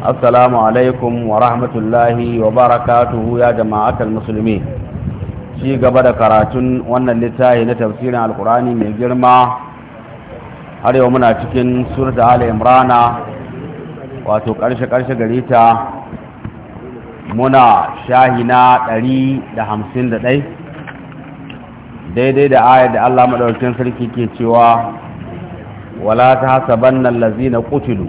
السلام عليكم ورحمة الله وبركاته يا جماعة المسلمين شي قبل كراتون وانا اللي لتفسير على القرآن من جرمة har yau muna cikin surta ala imrana wato ƙarshe-ƙarshe gari ta muna shahina ɗai, daidai da ayar da allah maɗaukin sarki ke cewa wala ta hasaban nan lazi na kutulu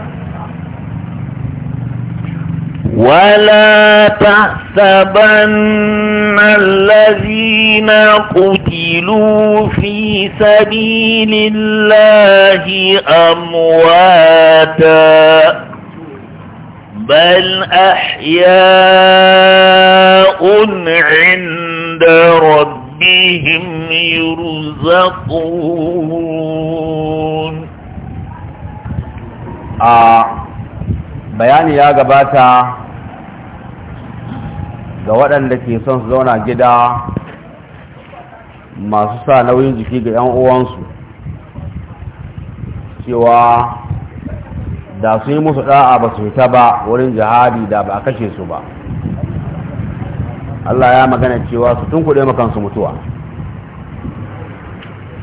ولا تحسبن الذين قتلوا في سبيل الله أمواتا بل أحياء عند ربهم يرزقون آه بياني يا جباتا ga waɗanda ke son su zauna gida masu sa nauyin jiki ga 'yan uwansu cewa da su yi musu ɗa'a ba su fita ba wurin jihadi da ba a kashe su ba Allah ya magana cewa su tun kuɗe makansu mutuwa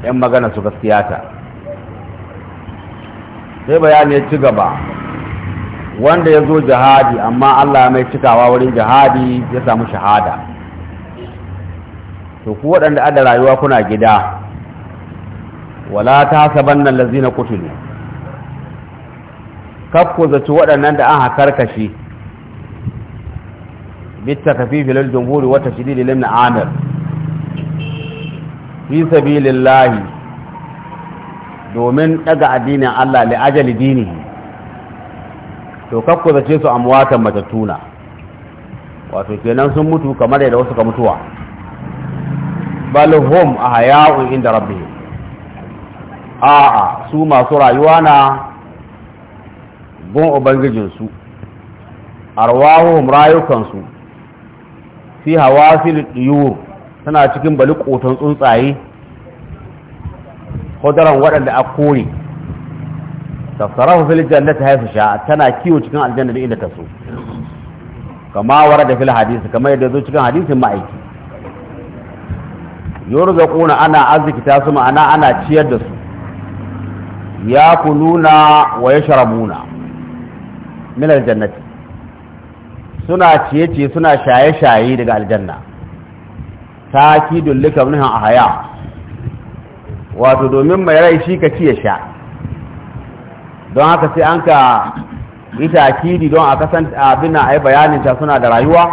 ‘yan magana su gaskiyata sai bayani ya ci gaba wanda ya zo jihadi amma Allah mai cikawa wurin jihadi ya samu shahada to ku waɗanda ada rayuwa kuna gida wala ta saban nan lazina kutulu kafku zaci waɗannan da an hakarkashi bitta kafifi lil jumhuri wata shididi limna amir fi lillahi domin daga addinin Allah li ajali dinihi to kakku zace su amwatan matattuna wato kenan sun mutu kamar yadda wasu ka mutuwa balhum a ahya'un inda a a'a su masu rayuwa na gun ubangijinsu arwahuhum rayukansu fi hawasil diyur tana cikin bali koton tsuntsaye kodaran waɗanda a kore tasarafu fil jannati haythu sha'a tana kiwo cikin aljanna da inda ta so kama warada fil hadisi kama yadda zo cikin hadisin ma'aiki yurzaquna ana azkita su ma'ana ana ciyar da su ya kununa wa yashrabuna min aljannati suna ciye-ciye suna shaye-shaye daga aljanna ta ki ahaya wato domin mai rai shi ka ci sha don haka sai an ka yi takidi don a kasan abin a yi bayanin ta suna da rayuwa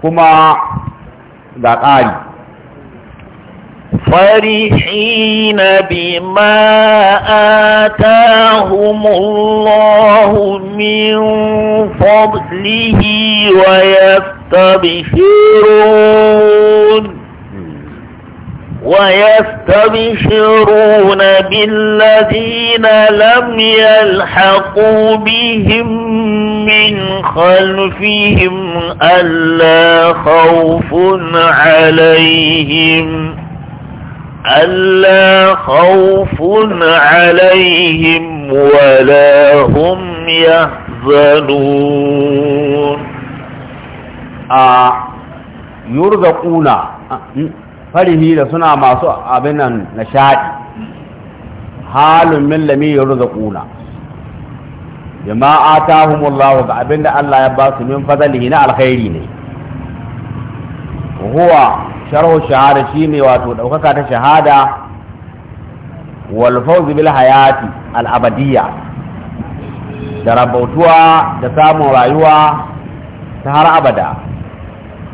kuma ga ƙari فرحين بما آتاهم الله من فضله ويستبشرون ويستبشرون بالذين لم يلحقوا بهم من خلفهم ألا خوف عليهم ألا خوف عليهم ولا هم يحزنون آه يرزقون آه، farihi da suna masu abin nan halun min lami yurzaquna ta humullahu ga abin da Allah ya ba su min fadlihi na alkhairi ne huwa sharhu shahada shine wato ɗaukaka ta shahada wal fawz hayati al'abadiyya da rabautuwa da samun rayuwa ta har abada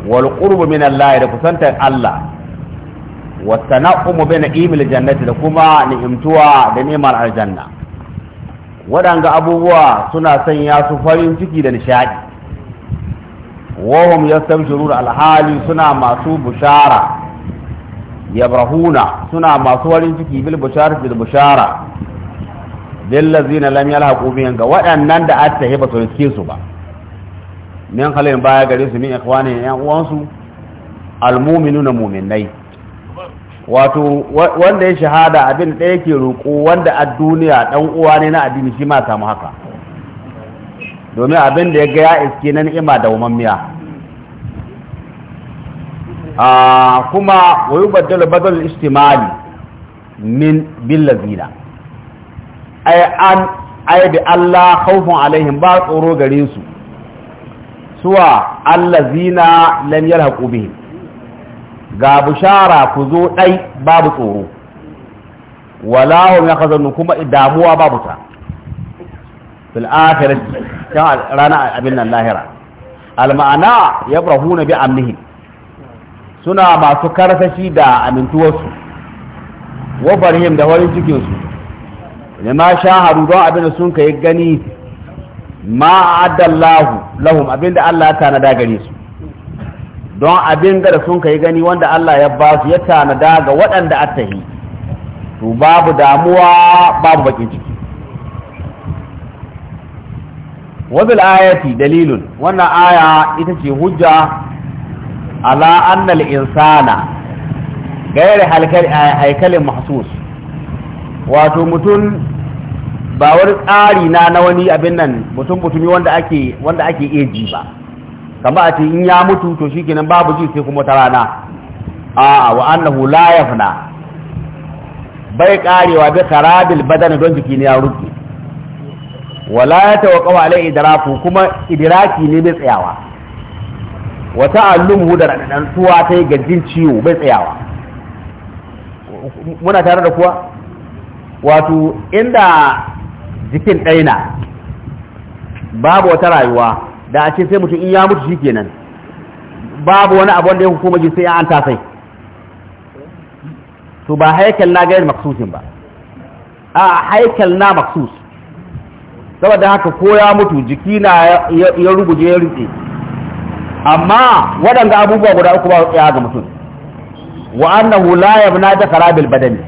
wal qurbu min Allah da kusantar Allah wasana'umu bai na'imil jannati da kuma ni'imtuwa da ni'imar aljanna waɗanga abubuwa suna sanya su farin ciki da nishaɗi wahum yastabshiruna alhali suna masu bushara yabrahuna suna masu farin ciki bil bushara bil bushara lillazina lam yalhaqu bihim ga waɗannan da attahi ba su riske su ba min khalin baya gare su min ikhwani yan uwansu na mu'minai wato wanda ya shahada abin ɗaya ke roƙo wanda a duniya ɗan uwa ne na addini shi ma samu haka domin abin da ya ga ya iske na ni'ima da umammiya a kuma wayu baddala badal istimali min billazina ay an ay bi Allah khawfun alaihim ba tsoro gare su suwa allazina lam yalhaqu bihim ga bushara ku zo ɗai babu tsoro walahum ya kazanu kuma damuwa babu ta fil akhirati kan rana abin nan lahira al ma'ana yabrahuna bi amnihim suna masu karfashi da amintuwarsu wa farhim da farin cikin su ne ma shaharu don abin da sun kai gani ma adallahu lahum abin da Allah ya tanada gare su don abin da sun kai gani wanda Allah ya ba su ya tanada ga waɗanda attahi to babu damuwa babu bakin ciki wabil ayati dalilun wannan aya ita ce hujja ala annal insana gairi haikalin mahsus wato mutum ba wani tsari na na wani abin nan mutum mutumi wanda ake wanda ake eji ba kamar a ce in ya mutu to shi kenan babu ji sai kuma ta rana a wa annahu la yafna bai karewa bi kharabil badan don jiki ne ya ruke wala ya tawaqqaw alai idraku kuma idraki ne bai tsayawa wa ta'allumuhu da radan tuwa tai gajin ciwo bai tsayawa muna tare da kuwa wato inda jikin ɗaina babu wata rayuwa da a ce sai mutum in ya mutu shi kenan babu wani abu wanda ya hukuma ji sai an tasai to ba haikal na gayar maksusin ba a haikal na maksus saboda haka ko ya mutu jiki na ya rubuje ya rike amma waɗanda abubuwa guda uku ba ya ga mutum wa annahu la yabna da karabil badani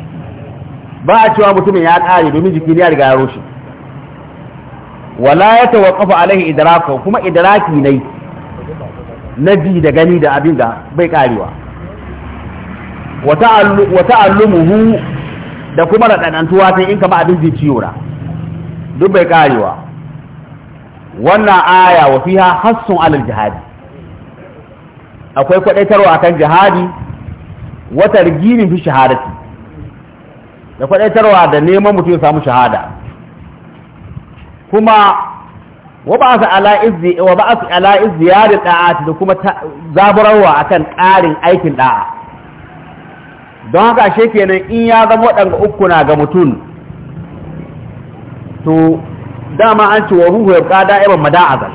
ba a cewa mutumin ya kare domin jiki ne ya riga ya roshi wala ya tawaqqafu alaihi idraku kuma idraki ne na ji da gani da abin da bai karewa wa ta'allumuhu da kuma radanantuwa sai in kama abin ji ciwo duk bai karewa wannan aya wa fiha hassun alal jihadi akwai kwadaitarwa akan jihadi wa targhibin fi shahadati da kwadaitarwa da neman mutum ya samu shahada kuma wa ba su ala wa ba su ala ya da kuma zaburarwa akan ƙarin aikin da'a don haka shi kenan in ya zama waɗanda uku na ga mutum to dama an ci wa ruhu ya ƙada iban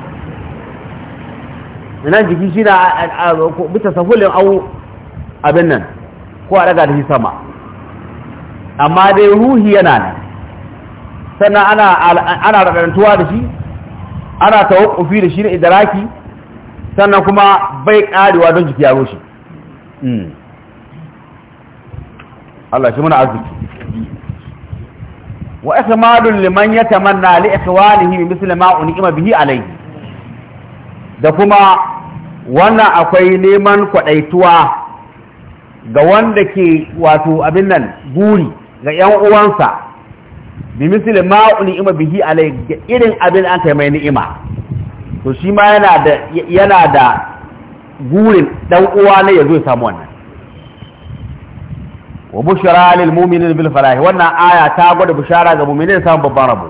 nan jiki shi na bita sahulin au abin nan ko a daga da shi sama amma dai ruhi yana nan sannan ana ana da shi ana tawakkufi da shi na idaraki sannan kuma bai ƙarewa don jiki yaro shi Allah shi muna arziki wa ihmadun liman yatamanna li ikhwanihi misl ma ima bihi alayhi da kuma wannan akwai neman kwaɗaituwa ga wanda ke wato abin nan guri ga yan uwansa bi misali ma ni'ima bihi alai irin abin an kai mai ni'ima to shi ma yana da yana da gurin dan uwa ne yazo ya samu wannan wa bushara lil mu'minin bil falahi wannan aya ta gwada bushara ga mu'minin samun babban rabo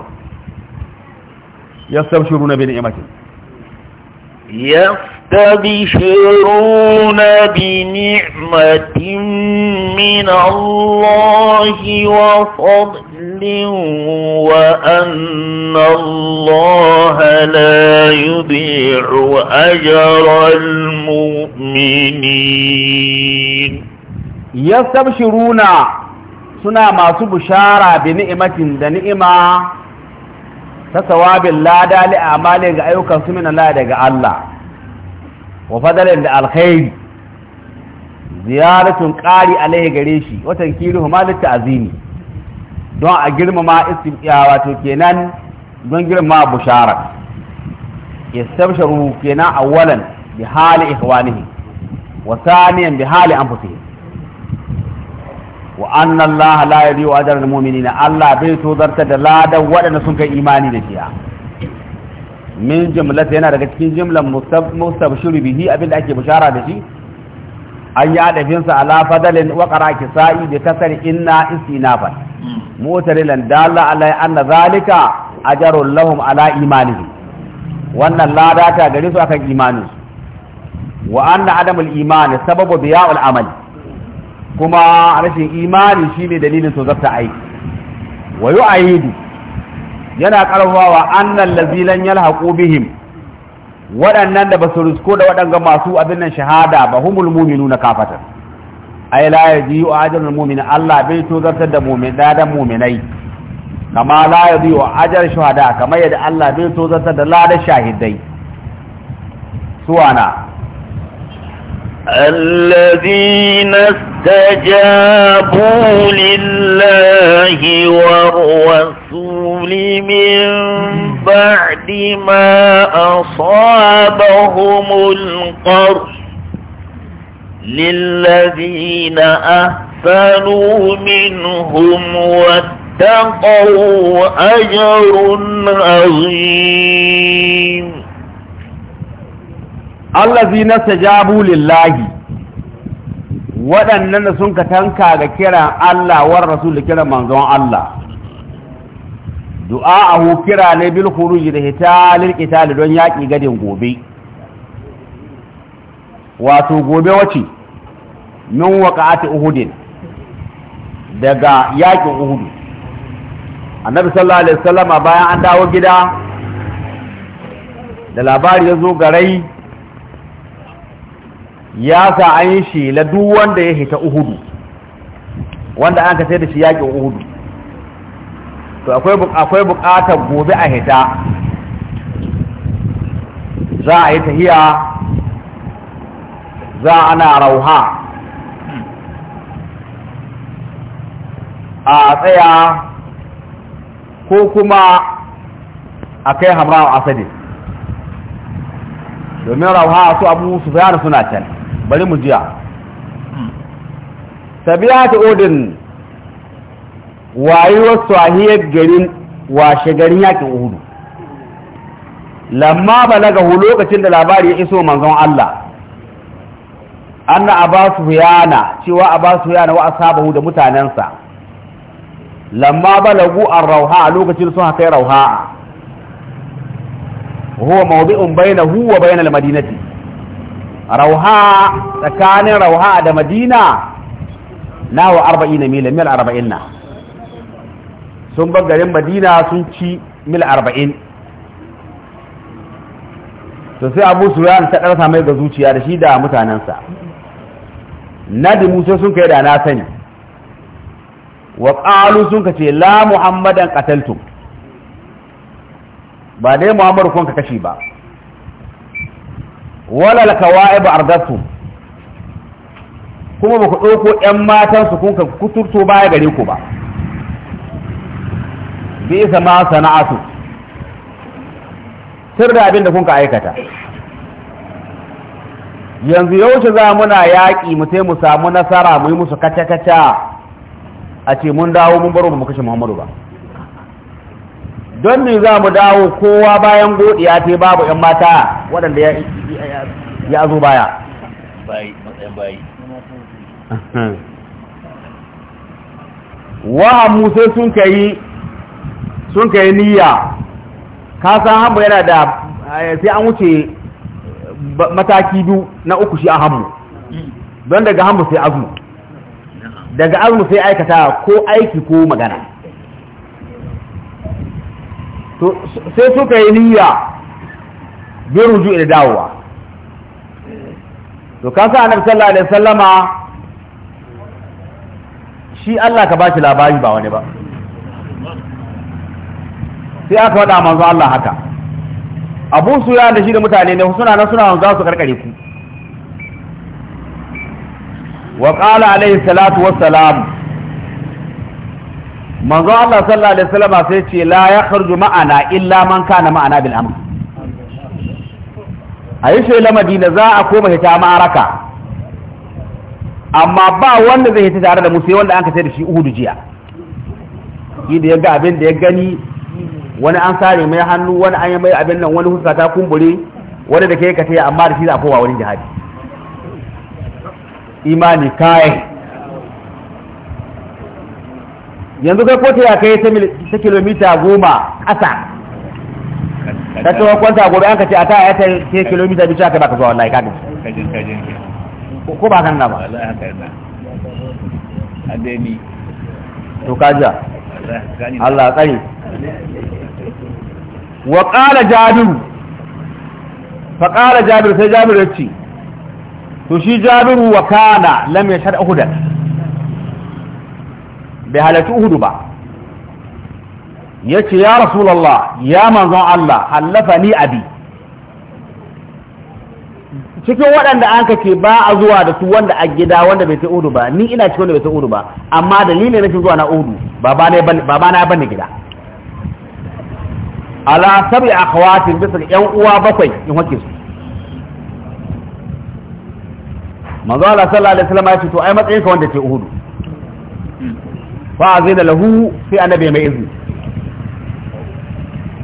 yasabshuruna bi ni'imati yas يستبشرون بنعمة من الله وفضل وأن الله لا يضيع أجر المؤمنين يستبشرون suna masu bishara bi ni'imatin da ni'ima ta sawabin lada li amalin ga ayyukan su min Allah daga Allah wa fadalin da alkhairi ziyaratun ƙari alai gare shi watan kiru ma litta don a girmama istiqiya wato kenan don girmama bushara yastabsharu kenan awwalan bi hali ikhwanihi wa thaniyan bi hali anfusihim wa anna allaha la yudhi'u ajra al-mu'minina allah bai tozarta da ladan waɗanda sun kai imani da shi'a min jumlata yana daga cikin jumlan mustabshiru bihi abinda ake bishara da shi an yi adafinsa sa ala fadalin wa qara kisai bi kasar inna istinafan mutarilan dalla alai anna zalika ajrun lahum ala imanihi wannan lada ta gare su akan imani wa anna adamul imani sababu biya'ul al'amali. kuma rashin imani shine dalilin su zafta aiki wa yu'ayidu yana karfafawa annal lazilan yalhaqu bihim waɗannan da basu rusko da waɗanga masu abin nan shahada ba humul mu'minuna kafatan ay la yaji'u ajrul mu'min Allah bai tozartar da mu'min da da mu'minai kama la yaji'u ajrul shuhada kamar yadda Allah bai tozartar da ladan shahidai suwana الذين استجابوا لله والرسول من بعد ما أصابهم القرح للذين أحسنوا منهم واتقوا أجر عظيم allazi nastajabu lillahi waɗannan da sun ka tanka ga kiran Allah war rasul kiran manzon Allah du'a'ahu kira ne bil khuruj da lil qital don yaki gadin gobe wato gobe wace min waqa'ati uhudin daga yakin uhud annabi sallallahu alaihi wasallam bayan an dawo gida da labari ya zo garai ya sa an yi shi la duk wanda ya hita uhudu wanda an ka sai da shi yaƙi uhudu to akwai buƙatar gobe a hita za a yi tahiya za ana rauha a tsaya ko kuma a kai hamra a asadi domin rauha su abu su suna can bari mu jiya hmm. tabiya ta odin wayewar swahiyar garin washe garin yakin uhudu lamma gahu lokacin da labari ya iso manzon Allah anna abasu yana cewa abasu yana wa asabahu da mutanensa lamma balagu an rauha a lokacin sun kai rauha huwa mawdi'un bainahu wa bainal madinati rauha tsakanin rauha da madina na wa arba'in na mil mil arba'in na sun bar garin madina sun ci mil arba'in to sai abu suyan ta ɗarsa mai ga zuciya da shi da mutanensa da Musa sun kai da na sani wa ƙalu sun ka ce la muhammadan ƙataltum ba dai muhammadu kun ka kashe ba wala kawa'ib ardatu kuma baku ku ɗauko ‘yan matansu kun ka kuturto baya gare ku ba bi isa ma sana'atu sir da abin da kun ka aikata yanzu yaushe za na yaƙi mu sai mu samu nasara mu yi musu kaca-kaca a ce mun dawo mun baro mu kashe muhammadu ba don me za mu dawo kowa bayan godiya ta babu ‘yan mata waɗanda ya zo baya wahammu sai sun kai sun niyya ka san hamu yana da eh, sai an wuce mataki biyu na uku shi a hamu don daga hamu sai azu. daga azumi sai aikata ko aiki ko magana sai suka yi niyya bin ruju da dawowa to kasa annabi sallallahu alaihi wasallama shi Allah ka bashi labari ba wani ba sai aka wada manzo Allah haka abun Suya da shi da mutane ne suna na suna za su karkare ku wa qala alaihi salatu wassalam manzo Allah sallallahu alaihi wasallam sai ce la ya kharju ma'ana illa man kana ma'ana bil amr ayi sai la madina za a koma hita ma'araka amma ba wanda zai hita tare da mu sai wanda an kace da shi uhudu jiya shi da yaga abin da ya gani wani an sare mai hannu wani an yi mai abin nan wani huska ta kumbure wani da ke kace amma da shi za a kowa wani jihadi imani kai yanzu kai kotu ya kai ta kilomita goma ƙasa ta ce kwanta gobe an ka ce a ta ya ta kilomita biyu ka baka zuwa wallahi ka ko ba kan na ba to kaja Allah tsari wa kala jabiru fa kala jabiru sai jabiru ya ce to shi jabiru wa kana lam ya shar'a hudar bai halarci uhudu ba ya ce ya rasulallah ya manzon Allah hallafa ni abi cikin waɗanda an kake ba a zuwa da su wanda a gida wanda bai ta udu ba ni ina cikin wanda bai ta udu ba amma dalilin rashin zuwa na udu baba na ban gida ala sabi akhawatin bisa ga yan uwa bakwai in hake su manzo Allah sallallahu alaihi wasallam ya ce to ai matsayin ka wanda ke uhudu fa azina lahu sai annabi mai izini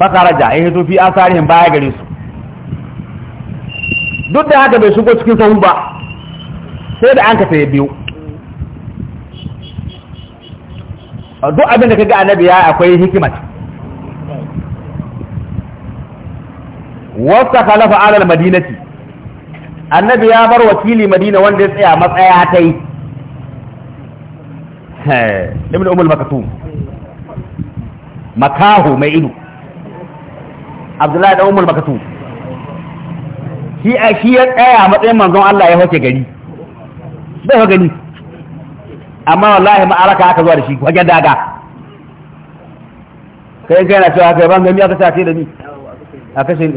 fakaraja ya hito fi asarihin baya gare su duk da haka bai shigo cikin sahu ba sai da an ka sai biyu duk abin da ga annabi ya akwai hikimat wasta khalafa ala madinati annabi ya bar wakili madina wanda ya tsaya matsaya ta yi Eh, ibn umul makatum makahu mai ido abdullahi da umul makatum shi a shi ya tsaya matsayin manzon Allah ya hoke gari bai ho gani amma wallahi ma'araka aka zuwa da shi wajen daga kai kai na cewa kai ban gami aka sace da ni a kashin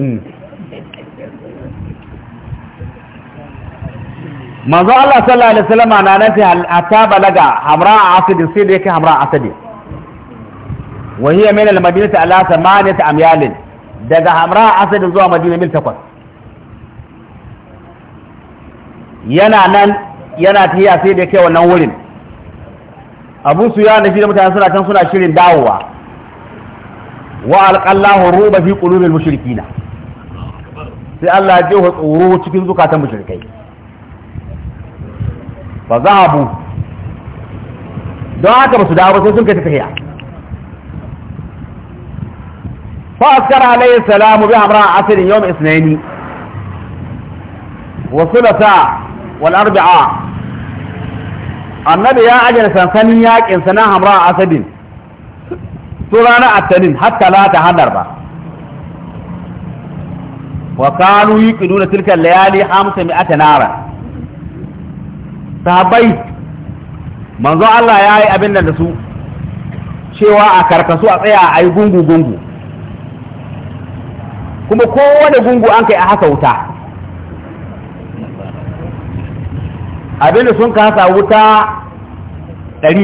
manzo Allah sallallahu alaihi wasallam na nan hatta balaga hamra asad sai da yake hamra asad wa hiya min al madinati ala thamaniyati amyal daga hamra asad zuwa madina mil takwas yana nan yana tafiya sai da yake wannan wurin Abu Suyan da shi da mutane suna can suna shirin dawowa wa alqallahu ruba fi qulubil mushrikina sai Allah ya jeho tsoro cikin zukatan mushrikai فذهبوا دعوا كما سدعوا سيكون كتفهية فأذكر عليه السلام بأمراء عصر يوم اثنين وثلثة والأربعاء النبي يا عجل سنسانياك انسناها امراء عصر سرانا التنين حتى لا تهدر با وقالوا يكدون تلك الليالي حمس مئة نارا sahabbai manzo Allah ya yi abin da su cewa a karkasu a tsaya a yi gungu-gungu kuma kowane gungu an kai a hasa wuta abinda sun ka hasa wuta 500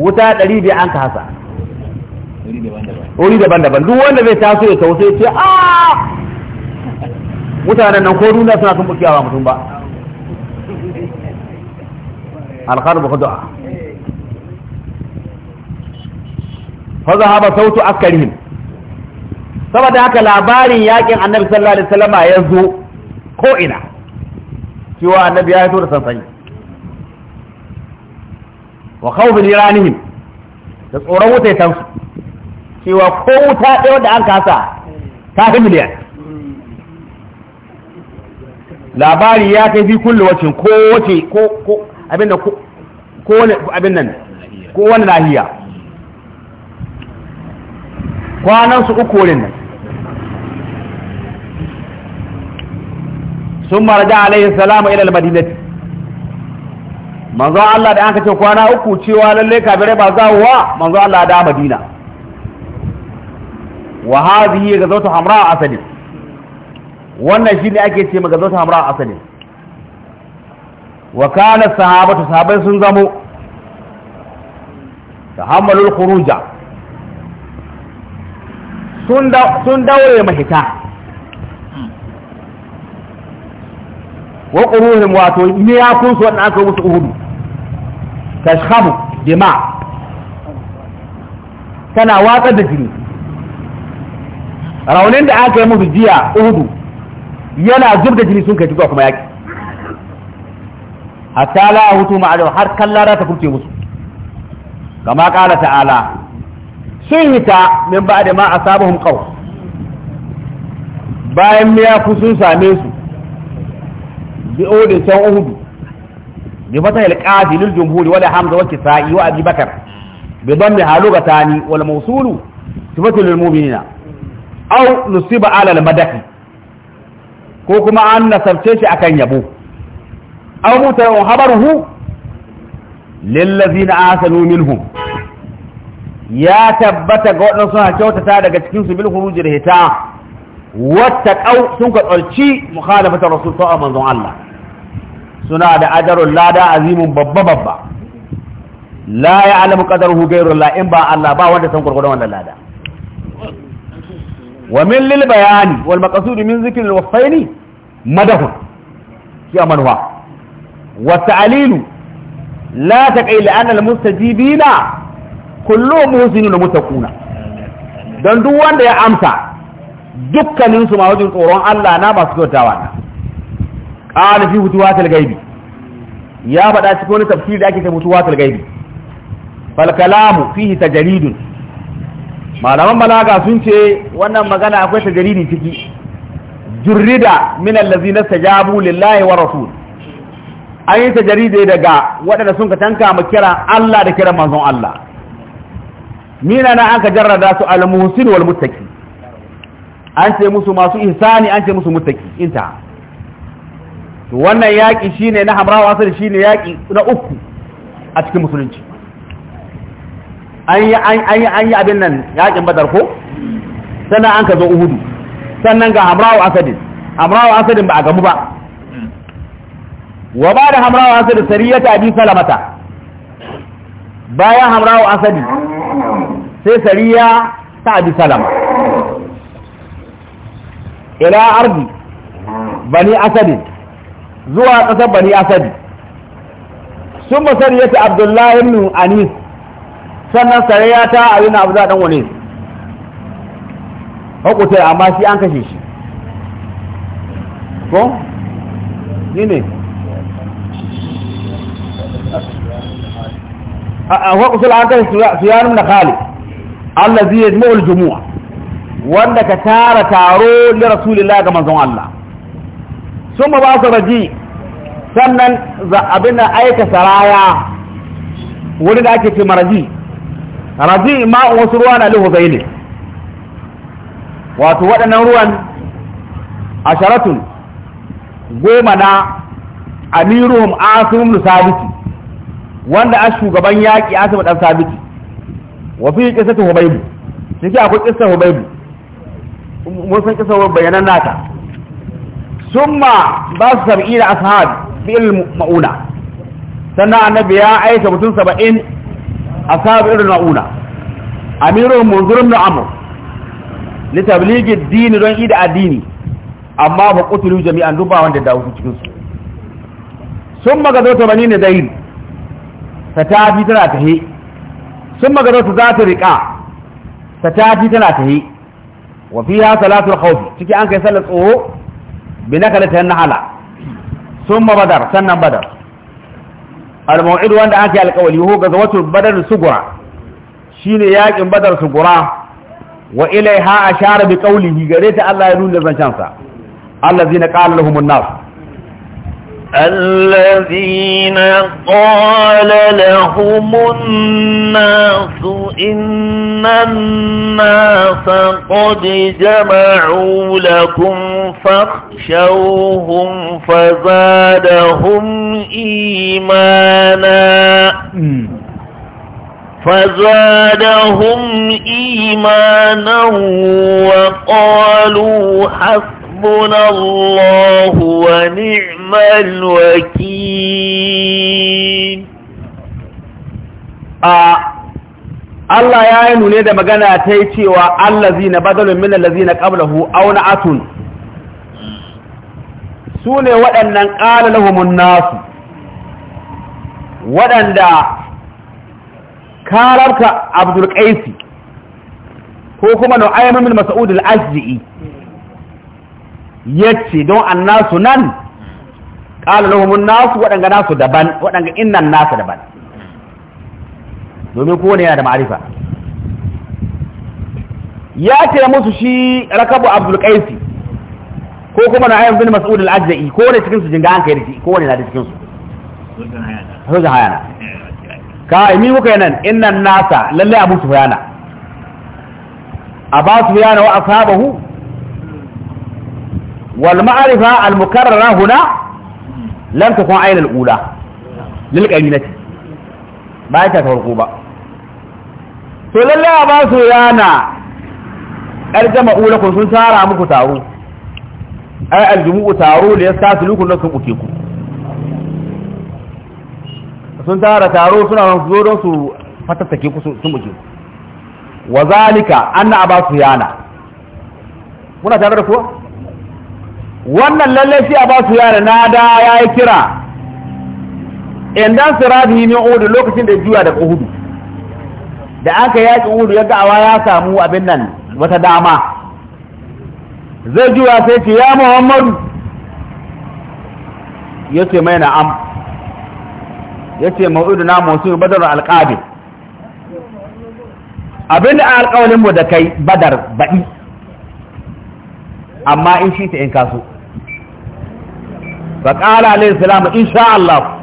wuta 500 an ka hasa wuri daban-daban duk wanda zai taso ya tausai ce a ah! mutanen nan ko duniya suna sun bukiyawa mutum ba alharbu hudu'a fazahaba sautu askarihim saboda haka labarin yakin annabi sallallahu alaihi wasallama ya zo ko ina cewa annabi ya fito da sansani wa khawfin iranihim da tsoron wuta ya cewa ko wuta ɗaya da an kasa ta fi miliyan labari ya kai fi kulle wacin ko wace ko abin ko wani abin nan ko wani lahiya kwanan su uku wurin nan sun maraja alaihi salamu ila al-madinati manzo Allah da aka ce kwana uku cewa lalle kabirai ba za wa manzo Allah da Madina wa hadhihi gazawtu hamra asali wannan shine ake ce magazawtu hamra asali wa kana sahabatu sahabai sun zamo tahammalul khuruja sun da sun daure mahita wa quruhum wato ne ya kun su wannan aka musu uhudu tashhabu dima tana watsar da jini raunin da aka yi musu jiya uhudu yana zubda da jini sun kai zuwa kuma yaki hatta la hutu ma'alau har kallara ta kubce musu kama kala ta'ala sun hita min ba da ma asabahum qaw bayan miya ku sun same su bi ode can uhudu bi fatah al-qadi lil jumhur wa hamza wa kisai wa abi bakar bi dhammi halugatani wal mawsul sifatu lil mu'minina aw nusiba ala al-madaki ko kuma an nasarce shi akan yabo aw mutahu habaruhu lillazina asanu minhum ya tabbata ga waɗansu ha kyautata daga cikin su bil khuruj da hita wata kau sun ka tsalci mukhalafata rasul sa'a manzon Allah suna da ajarun lada azimun babba babba la ya'lamu qadaruhu ghayru la in ba Allah ba wanda san gurgurdan wannan lada wa min lil bayani wal maqsud min zikri al wafaini madahun shi amanwa والتعليل لا تقي لأن المستجيبين كلهم محسنون متقون don duk wanda ya amsa dukkaninsu ma wajen tsoron Allah na masu kyautawa na ƙara fi gaibi ya faɗa cikin wani tafsiri da ake ta mutuwatul gaibi fal kalamu fihi tajridun malaman balaga sun ce wannan magana akwai ta tajridi ciki jurrida min allazina tajabu lillahi wa rasul an yi ta jaride daga waɗanda sun ka tanka ma kiran Allah da kiran manzon Allah mina na an ka jarrada su al-muhsin wal muttaki an ce musu masu ihsani an ce musu muttaki inta to wannan yaki shine na hamrawa sai shine yaki na uku a cikin musulunci an yi an yi an yi abin nan yakin badar ko sannan an ka zo uhudu sannan ga hamrawa asadin hamrawa asadin ba a gamu ba wa ba da hamrawa asadi sariyata bi salamata bayan hamrawa asadi sai sariya ta bi salama ila ardi bani asadi zuwa kasar bani asadi sun masariyata abdullahi ibn anis sannan sariyata abin abu za ɗan wani hukuta amma shi an kashe shi ko? ni ne وقصل عنك سفيان بن خالد الذي يجمع الجموع wanda ka tara taro li rasulillah ga manzon Allah Suma ba su raji sannan za abin na aika saraya wani da ake ce maraji raji ma wasu ruwa na lihu zai wato waɗannan ruwan asharatun goma na amiruhum asum lusabiti wanda a shugaban yaƙi asibu ɗan sabiti wa fi ƙisatu hubaibu ke akwai ƙisar hubaibu mun san ƙisar bayanan nata summa ba su sab'i da ashab fi ilil ma'una sannan annabi ya aika mutum saba'in ashab ilil ma'una amirul munzurun na amur li tabligi dini don ida addini amma ba kutulu jami'an duba wanda dawo cikin su sun maga zo ta bani ne dayin ta tafi tana ta he sun su za ta riƙa ta tafi tana ta he wa fiya salatul haufi ciki an kai sallar tsoho bi nakala ta nahala sun badar sannan badar al-maw'id wanda ake alƙawali ho ga zawatul badar sugura shine yaƙin badar sugura wa ilaiha ashara bi qawlihi gare ta Allah ya nuna zancansa allazina qala lahumun nas الذين قال لهم الناس إن الناس قد جمعوا لكم فاخشوهم فزادهم إيمانا فزادهم إيمانا وقالوا حسبنا الله ونعم ni'mal a Allah ya yi nune da magana ta yi cewa allazi na badalun min allazi na qablahu aw na'atun su ne waɗannan ƙala lahumun nasu waɗanda kararka abdul qaisi ko kuma nu'aymin mas'ud al-ajzi yace don nasu nan qala lahum nasu daban wadanga innan nasu daban domin kowane yana da ma'arifa ya ce musu shi abdul ko kuma na ayyukan bin mas'ud al-ajda'i ko ne cikin su jinga kai da ko ne na cikin su sojan hayana ka mi muka nan innan nasa lalle abu sufyana aba sufyana wa ashabahu wal ma'rifa al mukarrara huna lam takun ainihin ula lil qarinati ba ta farko ba to lalle ba su yana arjama ula kun sun tara muku taro ai aljumu'u taro da ya sasu lukun na sun buke ku sun tara taro suna ran zo don su fatattake ku sun buke wa zalika anna abasu yana muna tare da kuwa wannan lallai sai a ba su yare na da ya yi kira indan sirabi ne uhudu lokacin da juya daga uhudu da aka yaki uhudu ya gawa ya samu abin nan wata dama zai juya sai ce ya muhammadu ya ce mai na'am ya ce ma'udu na masu badar alƙabi abin da alƙawalinmu da kai badar baɗi amma in shi ta in kaso fa qala alayhi in insha Allah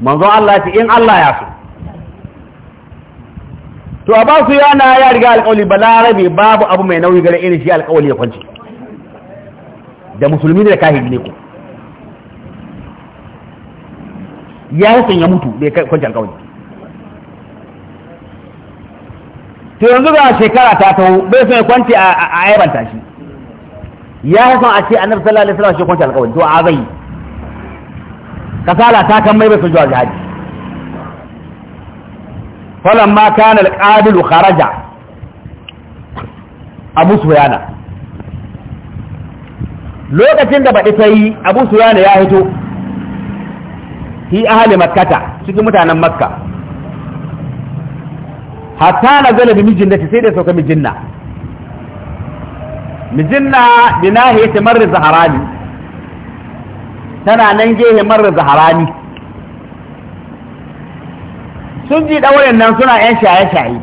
manzo Allah ce in Allah ya so to a ba su yana ya riga ba larabe babu abu mai nauyi gare irin shi alƙawali ya kwanci da musulmi da kahiri ne ku ya yi ya mutu da ya kwanci alƙawali to yanzu a shekara ta tawo bai son ya kwanci a aibanta shi ya hasan a ce annabi sallallahu alaihi wasallam shi kwanci alƙawari to a zai kasala ta kan mai bai son zuwa jihadi ma kana alqabilu kharaja abu suyana lokacin da baɗi ta yi abu suyana ya hito fi ahli makkata cikin mutanen makka hatta na zala mijin da sai da sauka mijinna mijinna binahi ya da zaharani tana nan gehe marar zaharani sun ji ɗawayen nan suna ‘yan shaye-shaye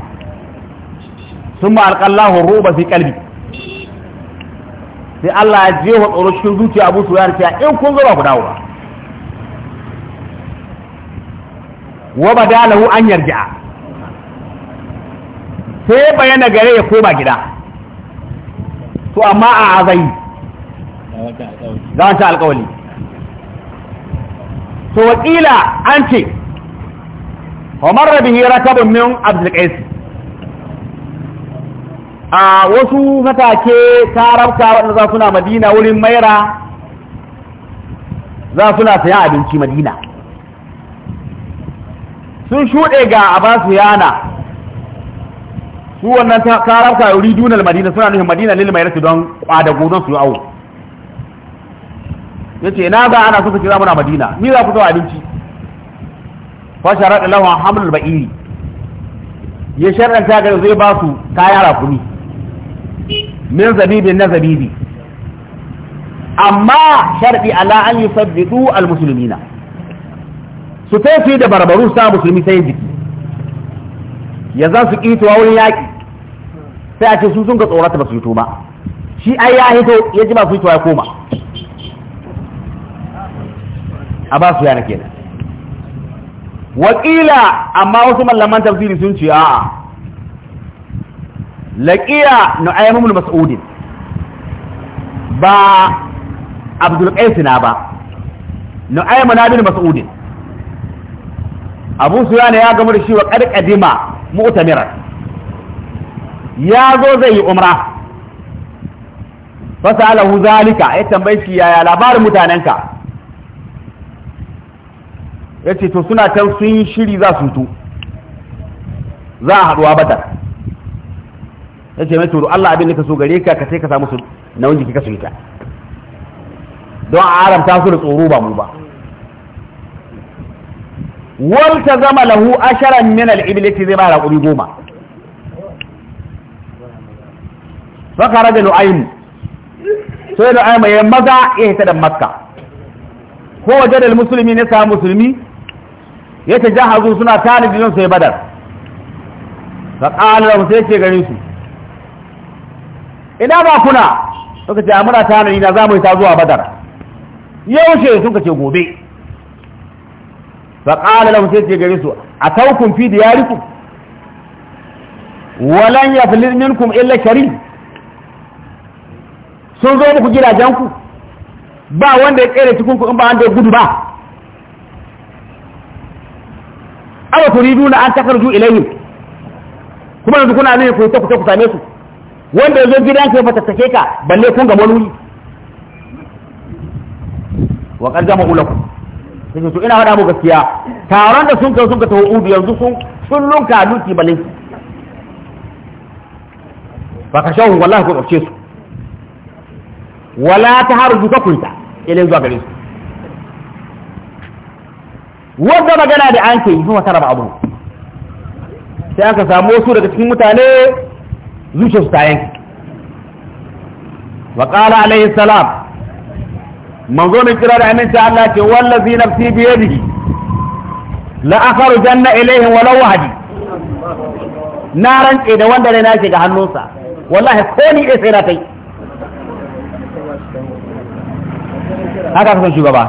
sun ma alƙallahu roba fi ƙalbi sai Allah ya je wa tsoro cikin zuciya abu su yana in kun zaba ku dawo ba wa ba da lahu an yarja sai bayyana gare ya koma gida to amma a azai za alkawali to wakila an ce homer bihi kabin min abdulkais a wasu ta tarabta waɗanda za suna madina wurin maira za suna sayan abinci madina sun shuɗe ga abasu yana su wannan karafka yuriduna al-madina suna nufin madina lil mayrati don kwada don su awo yace na ga ana so ku kira muna madina ni za ku zo abinci fa sharat lahu hamlul ba'iri ya sharanta ga zai ba su kaya rafuni min zabibin na zabibi amma sharɗi ala an yi sabbidu al-musulmina su tafi da barbaru sa musulmi sai jiki ya za su ƙituwa wurin yaƙi sai a ce su sun ga tsorata ba su fito ba shi ai ya hito ya ji ba su ya koma a ba su yana kenan wakila amma wasu mallaman tafsiri sun ce a'a laqiya na ibn odin ba abdul qais na ba nu'aym na bin mas'ud abu yana ya gama da shi wa ƙarƙadima qadima ya zo zai yi umra fasa alahu zalika ya tambayi shi yaya labarin mutanenka ya ce to suna can sun shiri za su tu za a haduwa bata ya ce mai turu Allah abin da ka so gare ka ka sai ka samu su na wani jiki ka su ta don a haramta su da tsoro ba mu ba wal ta zama lahu asharan min al-iblis zai ba raƙumi goma fakara da nu'aym sai nu'aym ya maza ya hita da makka ko waje da musulmi ne sa musulmi ya tajahazu suna tanadi don sai badar da lahum ya ce gare su ina ba kuna suka ce tani tanadi na mu yi ta zuwa badar yaushe suka ce gobe da lahum ya ce gare su a taukun fi diyarikum walan yaflir ku illa karim sun zo muku gidajenku ba wanda ya tsere cikin kuɗin in ba wanda ya gudu ba awa nuna an takarju ilayhim kuma yanzu kuna ne ku ta ku ta same su wanda zo gidanka ya fatattake ka balle kun ga wani wa qad jama'u lakum sai su ina faɗa mu gaskiya taron da sun kai sun ka tawo udu yanzu sun sun lunka luti balle fa kashawu wallahi ku kafce su wala ta harju ka kunta ilai zuwa gare su wanda magana da an ke yi kuma karaba abu sai aka samu wasu daga cikin mutane zuciyarsu ta yanki wa qala alayhi salam manzo mai kira da aminci Allah ce wallazi nafsi bi yadihi la akharu janna ilayhi walau wahdi na ranke da wanda ne na shiga hannunsa wallahi ko ni dai eh sai na kai haka kasan shugaba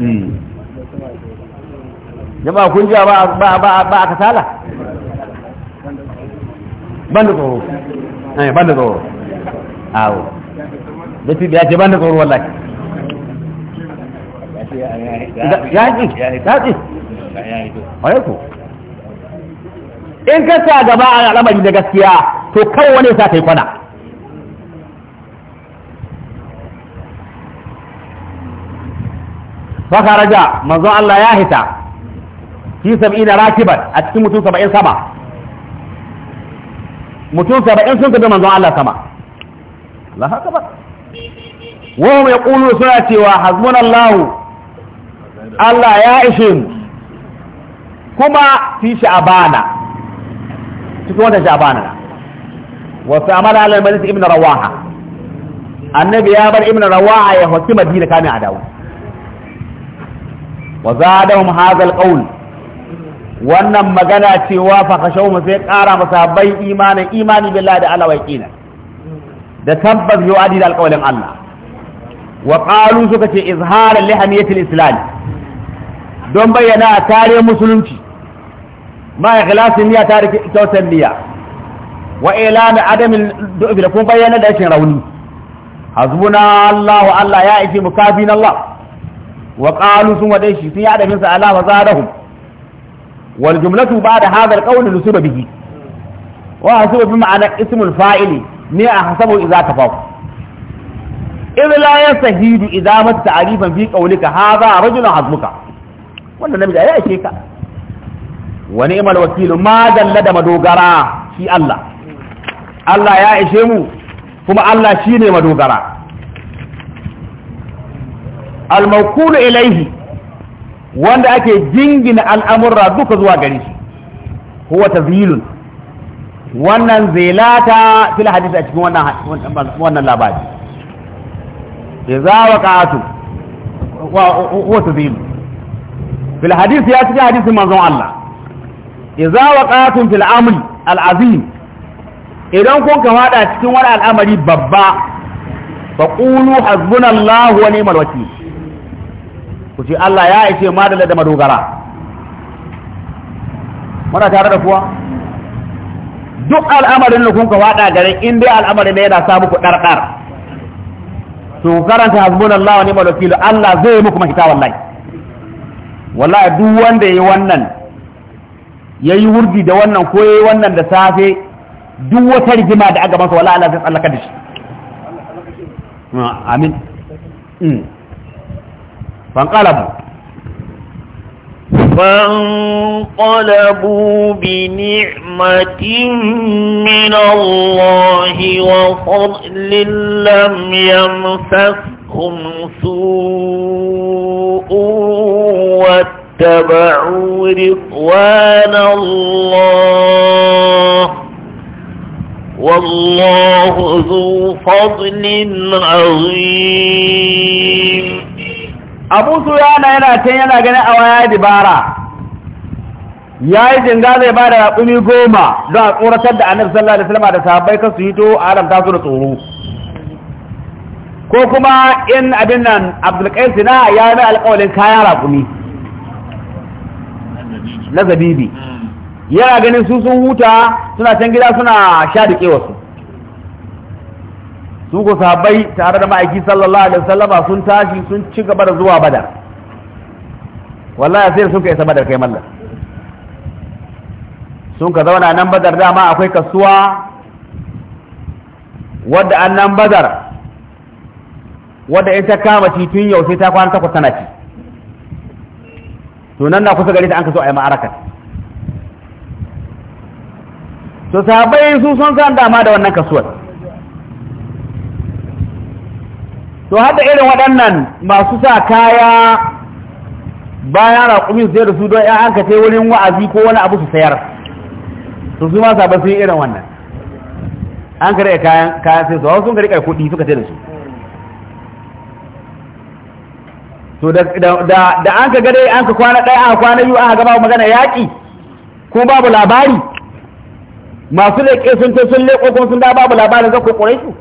hmm. jama'a kun ji ba a kasala ban da tsoro eh ban da tsoro awo da fi ya ce ban da tsoro wallahi ya ji ya ji ji in ka sa gaba a al'amari da gaskiya to kawai wani sa kai kwana fakaraja manzo Allah ya hita fi sab'ina rakiban a cikin mutum 70 sama mutum 70 sun kabe manzo Allah sama Allah haka ba wahum yaqulu suna cewa hasbunallahu Allah ya ishe mu kuma fi sha'bana cikin wata sha'bana wa samala al-malik ibn rawaha annabi ya bar ibn rawaha ya hukuma dina kamin adawu wa zadahum hadha wannan magana cewa fa mu sai ƙara masahabbai imanin imani billahi da Allah waqina da tabbas yau adi da alƙawalin Allah wa qalu suka ce izharan li hamiyatil islam don bayyana tare musulunci ma ikhlasin niyya tare kyautar niyya wa ilan adamin du'bi da kun bayyana da rashin rauni hasbuna Allah Allah ya ishi mukafin Allah wa qalu sun wadai shi sun yada minsa ala wa zarahum wal ba'da hadha al qawl nusiba bihi wa hasiba bi ma'ana ismul fa'ili ne a hasabu idza tafaku idza la yasahidu idza mat ta'rifan fi qawlika namiji ka wani ni'mal wakil ma dalla da madogara shi Allah Allah ya ishe mu kuma Allah shine madogara al-mawkulu wanda ake jingina al'amurra duka zuwa gare shi huwa tazilun wannan zelata fil hadisi a cikin wannan labari Ya waqa'atu wa huwa tazil fil hadisi ya cikin hadisin manzon Allah idza waqa'atun fil amri al idan kun ka fada cikin wani al'amari babba faqulu hasbunallahu wa neman wakeel ku ce Allah ya ishe madalla da madogara muna tare da kuwa duk al'amarin da kun ka wada gare in dai al'amarin da yana sa muku ɗarɗar to karanta hasbun Allah wa ni'mal wakil Allah zai muku mahita wallahi wallahi duk wanda yayi wannan yayi wurdi da wannan ko yayi wannan da safe duk wata rigima da aka masa wallahi Allah zai tsallaka da shi hmm, amin hmm. فانقلبوا فانقلبوا بنعمة من الله وفضل لم يمسسهم سوء واتبعوا رضوان الله والله ذو فضل عظيم abu su yana yana can yana ganin a waya dibara ya yi jinga zai ba da raƙumi goma don a tsoratar da annabi sallallahu alaihi wasallam da sahabbai kan su hito a haramta su da tsoro ko kuma in abin nan abdulkais na ya yi alƙawalin kayan raƙumi na zabibi hmm. yana ganin su sun huta suna can gida suna sha da wasu su ku sahabbai tare da ma'aiki sallallahu alaihi wasallama sun tashi sun ci gaba da zuwa badar wallahi sai sun kai isa badar kai mallan sun ka zauna nan badar dama akwai kasuwa wadda an nan badar wadda in ta kama titun yau sai ta kwana takwas tana ci to nan na kusa gari ta an kaso a yi ma'arakar to sahabbai su sun san dama da wannan kasuwar to hada irin waɗannan masu sa kaya bayan raƙumin sayar da su don ya an ka wurin wa'azi ko wani abu su sayar su su ma ba su yi irin wannan an ka kayan kayan sai su wasu sun ka rike kuɗi suka ce da su to da an ka gare an ka kwana ɗaya a kwana yiwu aka gaba magana yaƙi ko babu labari masu leƙe sun ce sun leƙo kuma sun da babu labarin za ku su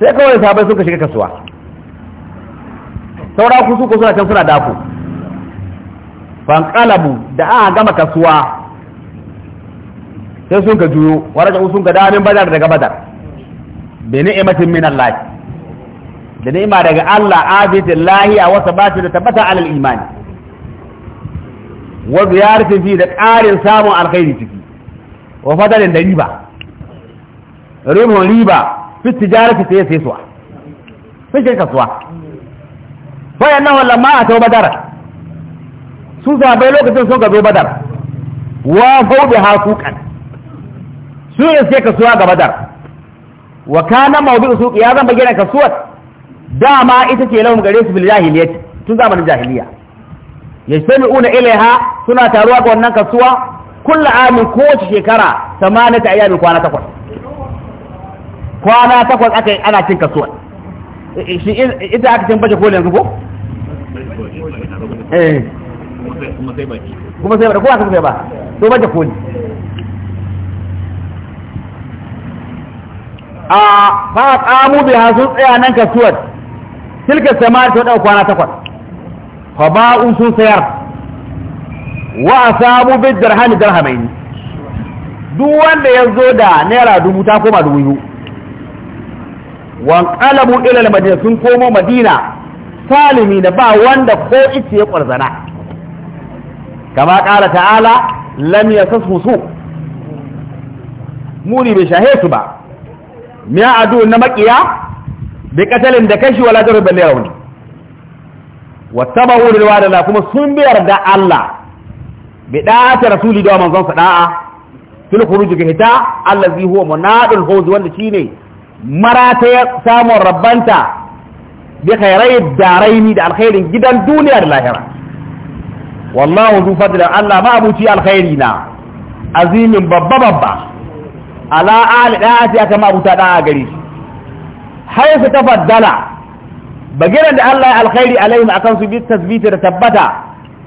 sai kawai sahabai suka shiga kasuwa saura ku su suna can suna dafu fankalabu da aka gama kasuwa sai sun ka juyo ga sun ka damin badar daga badar bi ni'matin min Allah da ni'ima daga Allah abitin lahiya wata bace da tabbata alal imani wa ziyaratin fi da ƙarin samun alkhairi ciki wa fadalin da riba rimon riba fi tijarati sai sai suwa sai shi kasuwa wayannan wallan a ta badar su lokacin sun gazo badar wa fauɗe haƙuƙan su ne sai kasuwa ga badar wa kana mawdu su ya zan bayyana kasuwar dama ita ce lahum gare su bil jahiliyyah tun zamanin jahiliya yajtami'una ilaiha suna taruwa ga wannan kasuwa kullu kowace shekara 8 kwana takwas kwana takwas aka yi ana cin kasuwa shi ita aka cin baje kolin ko eh kuma sai baki kuma sai ba ko ba to baje koli a fa qamu biha hasu tsaya nan kasuwar tilka samar ta dauka kwana takwas fa ba'un sun sayar wa asabu bid dirham dirhamaini duk wanda ya zo da naira dubu ta koma dubu biyu wa qalabu ila al sun komo madina salimi da ba wanda ko ice ya kwarzana kama qala ta'ala lam yasasu su muni bai shahe su ba miya adu na makiya bi katalin da kashi wala darba liyawni wattabahu lilwada kuma sun biyar da Allah bi da'ata rasuli da manzon sa da'a fil khuruj hita allazi huwa munadul hawz wanda shine marata ya samun rabbanta bi khairai daraini da alkhairin gidan duniya da lahira wallahu zu fadlan Allah ma abuci alkhairi na azimin babba babba ala ali da'ati aka ma abuta da gari shi hay su tafaddala bagiran da Allah ya alkhairi alaihim akan su bi da tabbata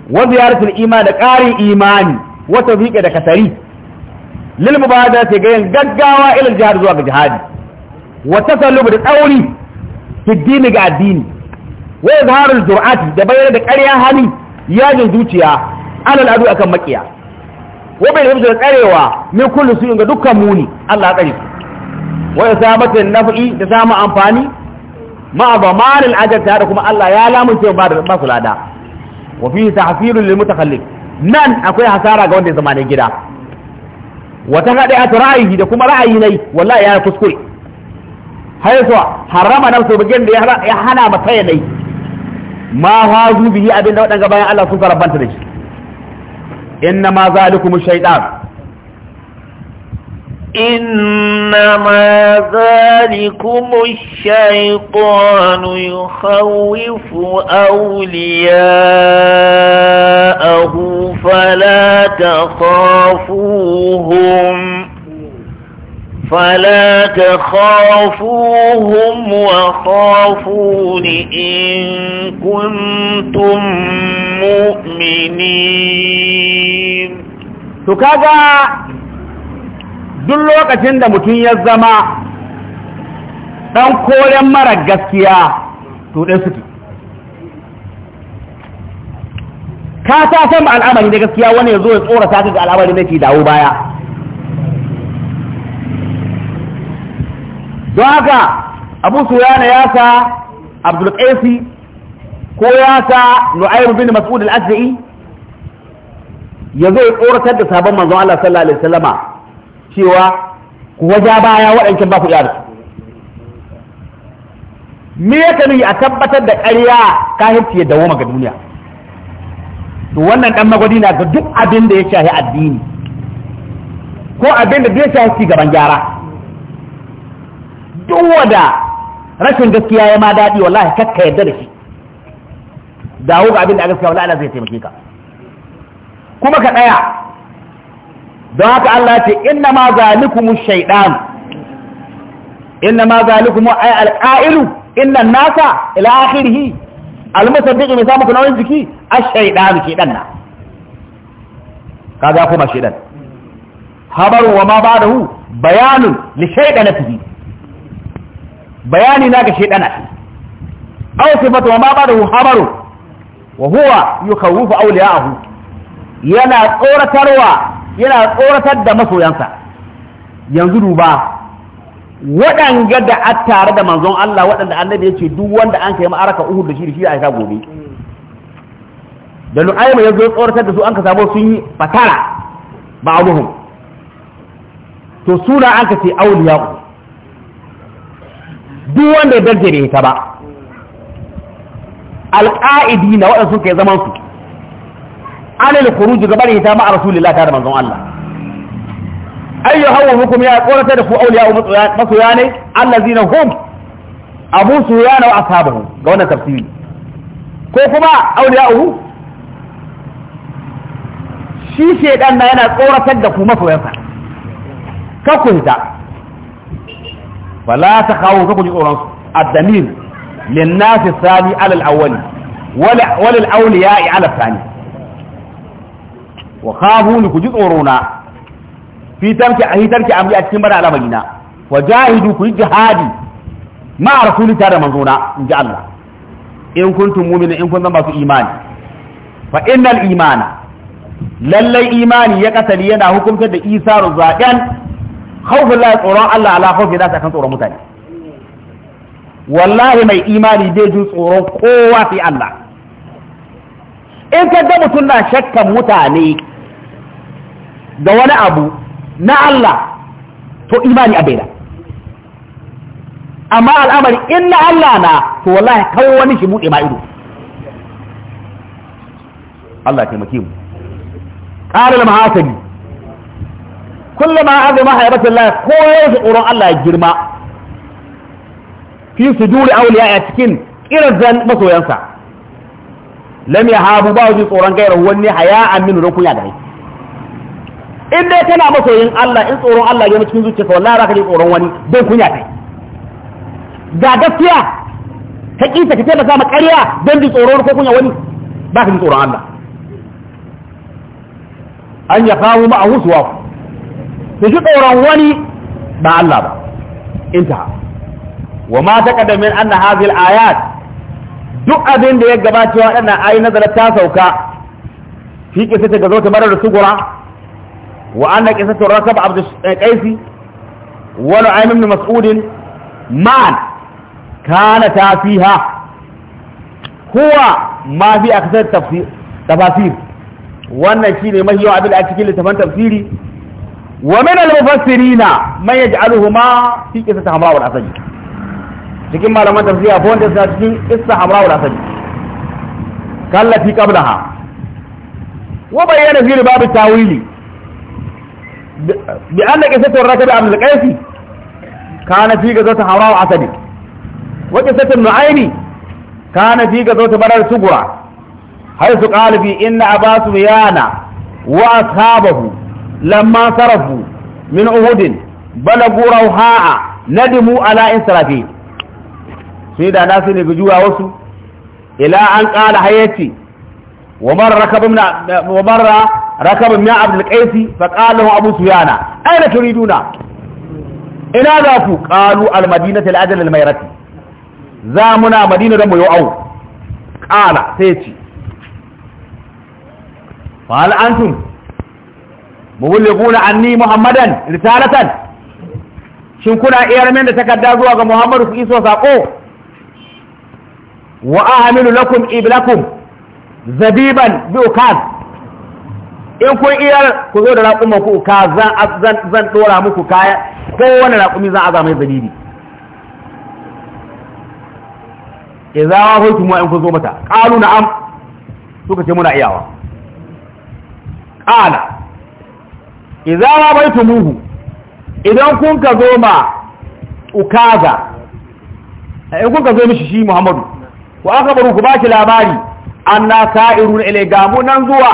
wa ziyaratul iman da qarin imani wa tawfiqa da katari lil mubadara ga gaggawa ila jihad zuwa ga jihadi wa tasallubu da tsauri su dini ga addini wa izharul jur'ati da bayyana da ƙarya hali yajin zuciya alal adu akan makiya wa bai da tsarewa min kullu su ga dukkan muni Allah tsare su wa isabatin naf'i da samu amfani ma zamanil ta da kuma Allah ya lamunce ba da ba su lada wa fi tahfirul lil mutakhallif nan akwai hasara ga wanda ya zama ne gida wata hada ya ra'ayi da kuma ra'ayi nai wallahi ya kuskure حيث حرم نفسه يا يحنى متيني ما هذا به أبن دوت أنك بايا الله سنسى ربان إنما ذلكم الشيطان إنما ذلكم الشيطان يخوف أولياءه فلا تخافوهم فلا تخافوهم وخافون إن كنتم مؤمنين تكذا duk lokacin da mutum ya zama ɗan koren mara gaskiya to ɗin suke ka ta san al'amari da gaskiya wani ya zo ya tsorata ka ga al'amari da dawo baya don haka abu yana ya sa abdul ko ya sa nu'aym bin mas'ud al ya zai tsoratar da sabon manzon Allah sallallahu alaihi wasallama cewa ku waja baya waɗancan ba ku yarda me ya kani a tabbatar da ƙarya kahirci ya dawo ga duniya to wannan dan magwadi na ga duk abin da ya shahi addini ko abin da ya shahi gaban gyara duk wada rashin gaskiya ya ma daɗi wallahi kakka yadda da shi dawo ga abin da gaskiya wallahi Allah zai taimake ka kuma ka ɗaya don haka Allah ce inna ma zalikumu shaydan inna ma zalikumu ay alqa'ilu inna nasa ila akhirih almusaddiq mai samu kunawin jiki ash-shaydan shaydan na kaga kuma shaydan habaru wa ma ba'dahu bayanun li shaydanatihi bayani na ga shi aw sifatu ma ba'dahu habaru wa huwa yukawwifu awliya'ahu yana tsoratarwa yana tsoratar da masoyansa yanzu duba waɗanga da a tare da manzon Allah waɗanda annabi ya ce duk wanda an kai ma'araka uhud da shi da shi a gobe da lu'aima ya zo tsoratar da su an ka samu sun yi fatara ba abuhum to suna an ka ce auliya duk wanda ya daljare ita ba alƙa'idi na waɗansu ke zaman su anil khuruj gabar ita ma rasulullahi ta da manzon Allah ayyu hawa hukum ya qorata da ku auliya masoya ne allazina hum abu suyana wa ashabuhu ga wannan tafsiri ko kuma hu shi shedan na yana tsoratar da ku masoyansa ka kunta. fala ta kawo ka kuji tsoron su addamir lin sani alal awwali Walal, wala awliya ala sani wa khafu li kuji tsorona, na fi tamki a hitarki amri a cikin bada al'amari na wa jahidu ku jihadi ma rasuli ta da manzona in ji Allah in kuntum mu'mina in kun zama su imani fa innal imana lallai imani ya katali yana hukuntar da isarun zaɗen خوف الله تورا الله على خوف ذات كان تورا متاني والله ما إيمان يجوز تورا قوة في الله إن كدمت الله شك متاني دوانا أبو نا الله تو إيماني أبيلا أما الأمر إن الله نا تو والله كواني شمو إيمائي الله كما كيم قال المحاسبين kullum an azama haibatun Allah ko yaushe tsoron Allah ya girma fi su duri auliya a cikin kiran masoyansa lam ya habu ba wajen tsoron gairar wani haya aminu don kunya gare in dai kana masoyin Allah in tsoron Allah ya cikin zuciyarsa wallahi za ka ji tsoron wani don kunya kai ga gaskiya ka kisa ka taimaka ma ƙarya don ji tsoron ko kunya wani tsoron Allah an ya kawo ma a su shi tsoron wani ba Allah ba inta wa ma taqaddama min anna hadhihi ayat duk abin da ya gabata waɗannan yi nazarar ta sauka fi kisata ga zo ta marar sugura wa anna kisatu rakab abd qaisi wa nu'aym ibn mas'ud ma'an kana ta fiha huwa ma fi a tafsir tafasir wannan shine mahiyo abin a cikin littafin tafsiri ومن المفسرين ما يجعلهما في قصة حمراء والأسج لكن ما لما تفسير أفون تفسير قصة حمراء والأسج قال في قبلها وبيّن في الباب التاويل بأن قصة الركب عبد القيسي كان في قصة حمراء والأسج وقصة النعيم كان في قصة برد سقرى حيث قال في إن أبا سبيان وأصحابه lamma sarafu min uhudin balagu rauha'a a ala insirafi sai da nasu ne bijuwa wasu ila an qala hayati wa marra min wa marra rakab min abd al-qais fa qala lahu abu ina za ku qalu al-madinati al-ajal al-mayrati za muna madina da mu yau qala sai ce fa hal muballighuna anni muhammadan risalatan shin kuna iyar min da takarda zuwa ga muhammadu ku iso sako wa a'milu lakum iblakum zabiban bi ukaz in kun iya ku zo da raƙuman ku ukaz zan zan dora muku kaya kowane raƙumi zan aza mai zabibi idza wa hukum wa in kun zo mata qalu na'am suka ce muna iyawa qala idza muhu idan kun ka zo ma ukaza eh, in kun ka zo mishi shi Muhammadu ku aka baro ku baki labari anna sa'irun ilay gamu nan zuwa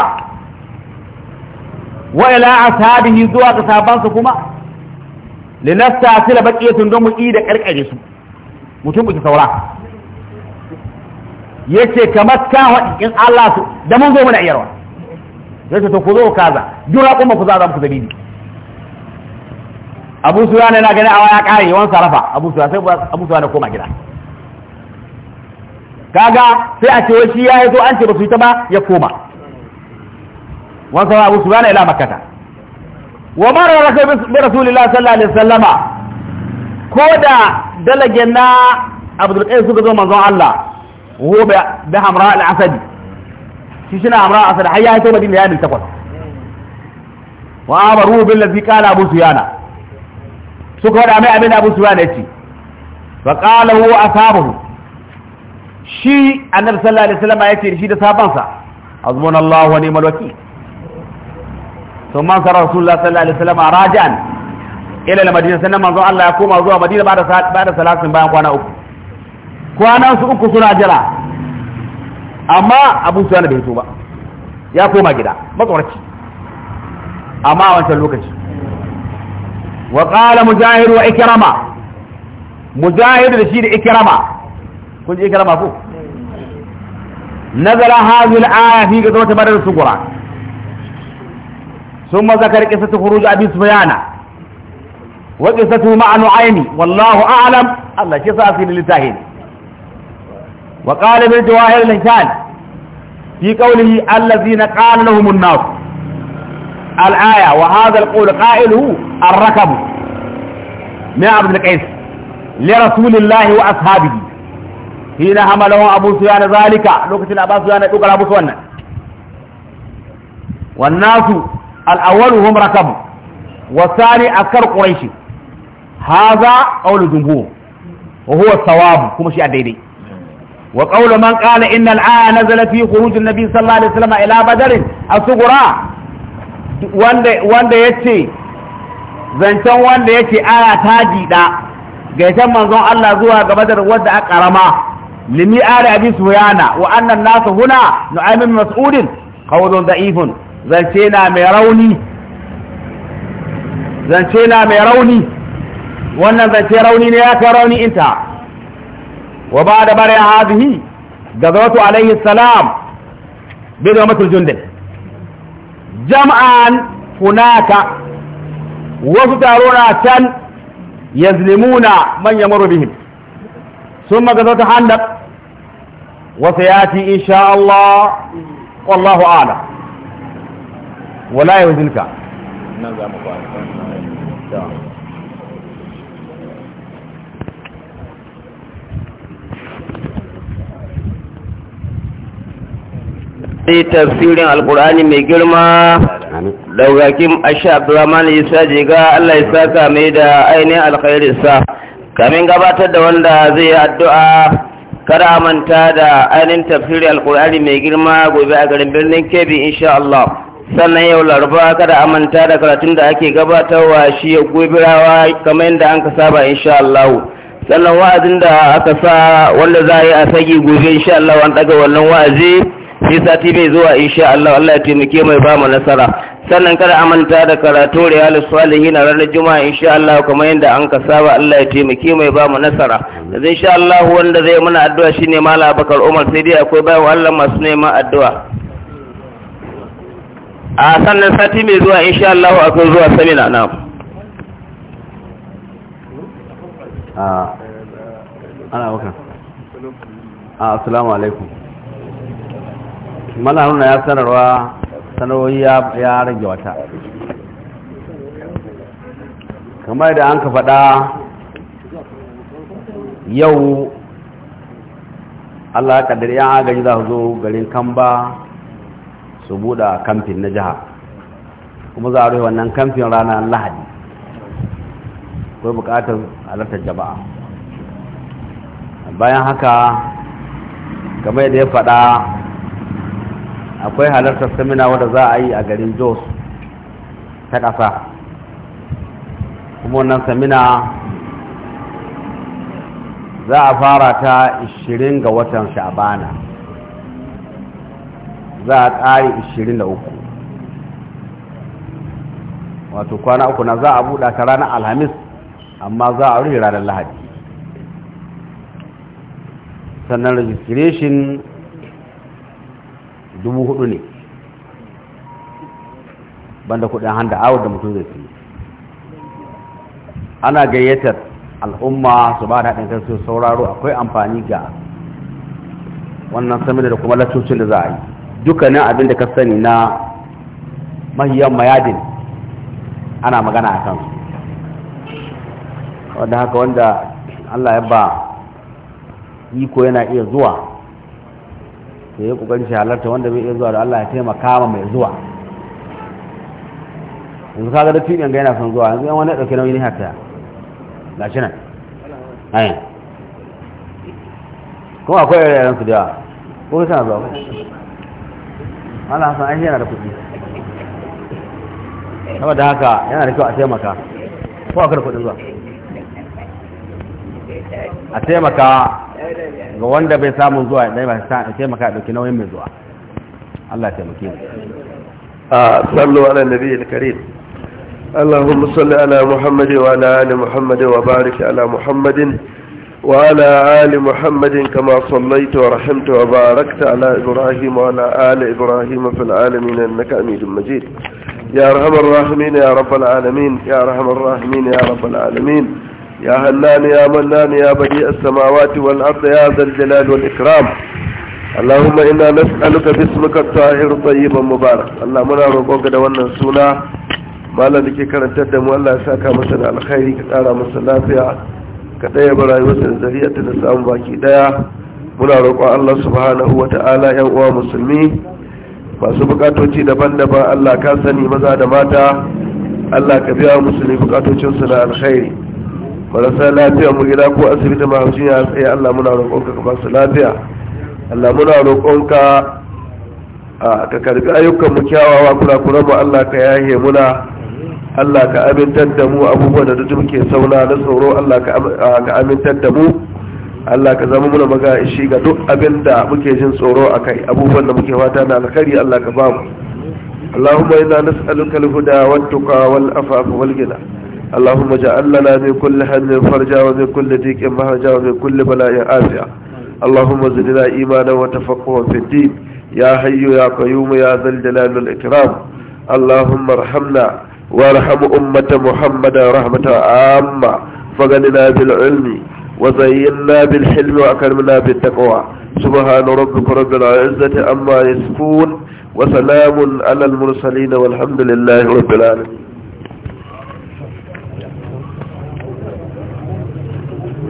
wa ila ashabihi zuwa ga su kuma linasta sila baqiyatun don mu da karkare su mutum ku saura yace kamar ka in Allah su da mun zo muna iyarwa ya ce to ku zo kaza jura kuma ku za a ku zabibi abu suya ne na gani awa ya kare yawan sarrafa abu suya sai abu suya na koma gida kaga sai a ce shi ya yi zo an ce ba su yi ta ba ya koma wansa abu suya na ila makata wa mara raka bi rasulillah sallallahu alaihi wasallama ko da dalage na abdul qais suka zo manzon Allah wo bi hamra al-asadi shi shi na amra asad har ya hito madina ya mil takwas wa amaru bil ladhi qala abu suyana suka wada mai abin abu suyana yace fa qala a sabu. shi annabi sallallahu alaihi wasallam ce shi da saban sa azmuna allah wa ni'mal wakil thumma sara rasulullah sallallahu alaihi wasallam rajan ila al-madina sannan manzo Allah ya koma zuwa madina ba da ba da salatin bayan kwana uku kwana su uku suna jira amma abu sufyan bai hito ba ya koma gida matsoraci amma wancan lokaci wa qala mujahid wa ikirama, mujahid da shi da ikirama kun ji ikirama ko nazara hadhihi al-aya fi sun badr sughra thumma zakara qissatu abin abi sufyan wa qissatu ma'a nu'aymi wallahu a'lam Allah shi sa asiri ne. وقال ابن جواهر الانسان في قوله الذين قال لهم الناس الآية وهذا القول قائله الركب من عبد القيس لرسول الله وأصحابه حين حمله أبو سفيان ذلك لوكت الأبا سفيان يقول أبو سفيان والناس الأول هم ركب والثاني أكثر قريش هذا قول الجمهور وهو الصواب كما شيء ديدي wa qawlu man qala inna al-aya nazala fi khuruj an-nabi sallallahu alaihi wasallam ila badr as-sughra wanda wanda yace zancen wanda yace aya ta jida gaitan manzon Allah zuwa ga badar wanda a karama limi ala abi suyana wa annan nasu huna nu'aymin mas'udin qawlun da'ifun zance na mai rauni wannan zance rauni ne ya rauni inta wa ba da bare hadhihi gazawatu alaihi salam bi zamatul jundal jam'an hunaka wasu tarona can yazlimuna man yamuru bihim thumma gazawatu handaq wa sayati insha Allah wallahu a'lam wala yuzilka nan za mu fara sai tafsirin alkur'ani mai girma daukakin ashe abdurrahman isa jiga allah ya saka da ainihin alkhairinsa kamin gabatar da wanda zai yi addu'a kada manta da ainihin tafsirin alkur'ani mai girma gobe a garin birnin kebbi insha allah sannan yau laraba kada manta da karatun da ake gabatarwa shi ya gobirawa kamar yadda an ka saba insha allah sannan wa'azin da aka sa wanda za a yi a sagi gobe insha allah an daga wannan wa'azi sai sati mai zuwa insha Allah Allah ya taimake mai ba mu nasara sannan kada a manta da karatu riyal salihin ranar juma'a insha Allah kamar yadda an ka saba Allah ya taimake mai ba mu nasara yanzu insha Allah wanda zai muna addu'a shine Malam Abubakar Umar sai dai akwai bayan Allah masu neman addu'a a sannan sati mai zuwa insha Allah akwai zuwa samina na a ana wakan assalamu alaikum mana nuna ya sanarwa sanarwoyi ya rage wata kamar da an ka faɗa yau allah ya ƙaddar yan agaji za su zo garin kamba su buɗe kamfin na jiha kuma za a rufe wannan kamfin ranar lahadi ko buƙatar halartar jama'a bayan haka kamar da ya faɗa akwai halartar samina wadda za a yi a garin jos ta ƙasa kuma wannan samina za a fara ta 20 ga watan sha'abana za a ƙari 23 wato kwana uku na za a buɗa ta ranar alhamis amma za a rufe ranar lahadi sannan registration dubu hudu ne banda kudin handa awar da mutum zai fi. ana gayyatar al'umma su ba da haɗin kan su sauraro akwai amfani ga wannan samun da kuma latocin da za a yi dukkanin abin da ka sani na mahiyan mayadin ana magana a kansu wanda haka wanda allah ya ba iko yana iya zuwa to ya kokari shi halarta wanda bai iya zuwa da Allah ya taimaka ma mai zuwa yanzu ka da tiɗin ga yana son zuwa yanzu yan wani ɗauki nauyin ne haka ga shi nan ayin kuma akwai yaren su da yawa ko kai na zuwa ba Allah hasan ai yana da kuɗi saboda haka yana da kyau a taimaka ko akwai kuɗin zuwa a taimaka ga wanda bai samu zuwa dai ba sai maka dauki nauyin mai zuwa Allah ya taimake mu a sallu ala nabiyil karim اللهم صل على محمد وعلى آل محمد وبارك على محمد وعلى آل محمد كما صليت ورحمت وباركت على إبراهيم وعلى آل إبراهيم في العالمين إنك أميد مجيد يا أرحم الراحمين يا رب العالمين يا أرحم الراحمين يا رب العالمين يا هنان يا منان يا بديع السماوات والأرض يا ذا الجلال والإكرام اللهم إنا نسألك باسمك الطاهر الطيب المبارك اللهم أنا ربك دوانا سونا ما لديك كانت تدم والله ساكا مثلا على خير كتارا مثلا فيها كتايا براي وسن زرية نسام باكي دايا muna roƙon Allah subhanahu wa ta'ala ‘yan uwa musulmi masu bukatoci daban-daban Allah ka sani maza da mata Allah ka biya musulmi bukatocinsu na alkhairi marasa lafiya mu gida ko asibiti masu ya tsaye Allah muna roƙonka ka basu lafiya Allah muna roƙonka ka karbi ayyukan mu kyawawa kula kula mu Allah ka yahe muna Allah ka amintar da mu abubuwan da duk muke sauna na tsoro Allah ka amintar da mu Allah ka zama muna maga ishi ga duk abin da muke jin tsoro a kai abubuwan da muke fata na alkhairi Allah ka ba mu Allahumma inna nas'aluka al-huda wat-tuqa wal-afafa wal-ghina اللهم اجعل لنا من كل هم فرجا ومن كل ضيق مهجا ومن كل بلاء عافية اللهم زدنا إيمانا وتفقها في الدين يا حي يا قيوم يا ذا الجلال والإكرام اللهم ارحمنا وارحم أمة محمد رحمة عامة فغننا بالعلم وزينا بالحلم وأكرمنا بالتقوى سبحان ربك رب العزة أما يسكون وسلام على المرسلين والحمد لله رب العالمين